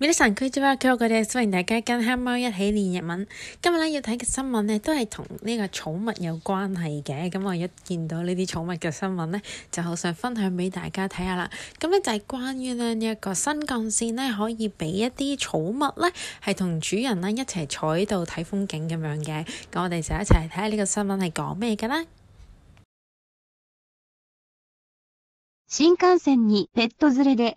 每日晨區直播台，我哋歡迎大家跟貓貓一起練日文。今日咧要睇嘅新聞呢，都係同呢個寵物有關係嘅。咁我一見到呢啲寵物嘅新聞呢，就好想分享俾大家睇下啦。咁呢，就係關於呢一個新幹線呢，可以俾一啲寵物呢，係同主人呢一齊坐喺度睇風景咁樣嘅。咁我哋就一齊睇下呢個新聞係講咩㗎啦。新幹線にペット連れで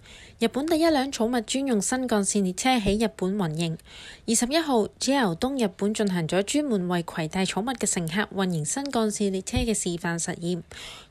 日本第一輛寵物專用新幹線列車喺日本運營。二十一號，JR 東日本進行咗專門為携帶寵物嘅乘客運營新幹線列車嘅示範實驗。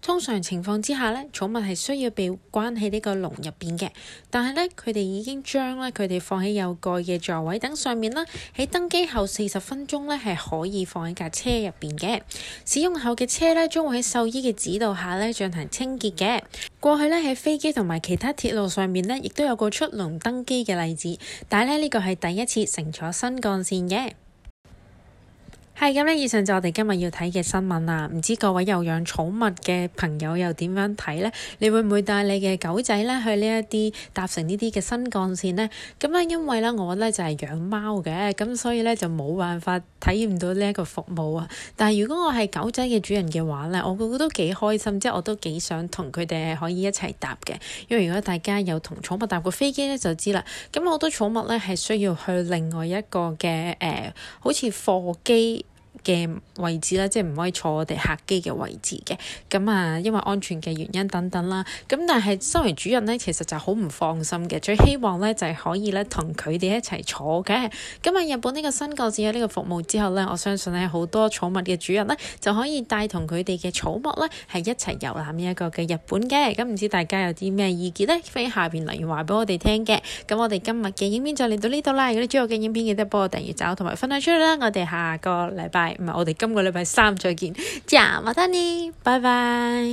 通常情況之下呢寵物係需要被關喺呢個籠入邊嘅，但係呢，佢哋已經將咧佢哋放喺有蓋嘅座位等上面啦。喺登機後四十分鐘呢係可以放喺架車入邊嘅。使用後嘅車呢，將會喺獸醫嘅指導下呢，進行清潔嘅。過去呢，喺飛機同埋其他鐵路上。面呢亦都有個出龍登機嘅例子，但係呢，呢個係第一次乘坐新幹線嘅。係咁咧，Hi，以上就我哋今日要睇嘅新聞啦。唔知各位有養寵物嘅朋友又點樣睇咧？你會唔會帶你嘅狗仔咧去呢一啲搭乘呢啲嘅新幹線咧？咁咧，因為咧我咧就係、是、養貓嘅，咁所以咧就冇辦法體驗到呢一個服務啊。但係如果我係狗仔嘅主人嘅話咧，我覺得都幾開心，即係我都幾想同佢哋係可以一齊搭嘅。因為如果大家有同寵物搭過飛機咧，就知啦。咁好多寵物咧係需要去另外一個嘅誒、呃，好似貨機。嘅位置啦，即係唔可以坐我哋客機嘅位置嘅，咁啊，因為安全嘅原因等等啦，咁但係身為主人咧，其實就好唔放心嘅，最希望咧就係可以咧同佢哋一齊坐嘅。咁啊，日本呢個新嘅設有呢個服務之後咧，我相信咧好多寵物嘅主人咧就可以帶同佢哋嘅寵物咧係一齊遊覽呢一個嘅日本嘅。咁唔知大家有啲咩意見咧？歡迎下邊留言話畀我哋聽嘅。咁我哋今日嘅影片就嚟到呢度啦，如果你中意我嘅影片，記得幫我訂閱走，同埋分享出去啦。我哋下個禮拜。我哋今個禮拜三再見。咁啊，我得你，拜拜。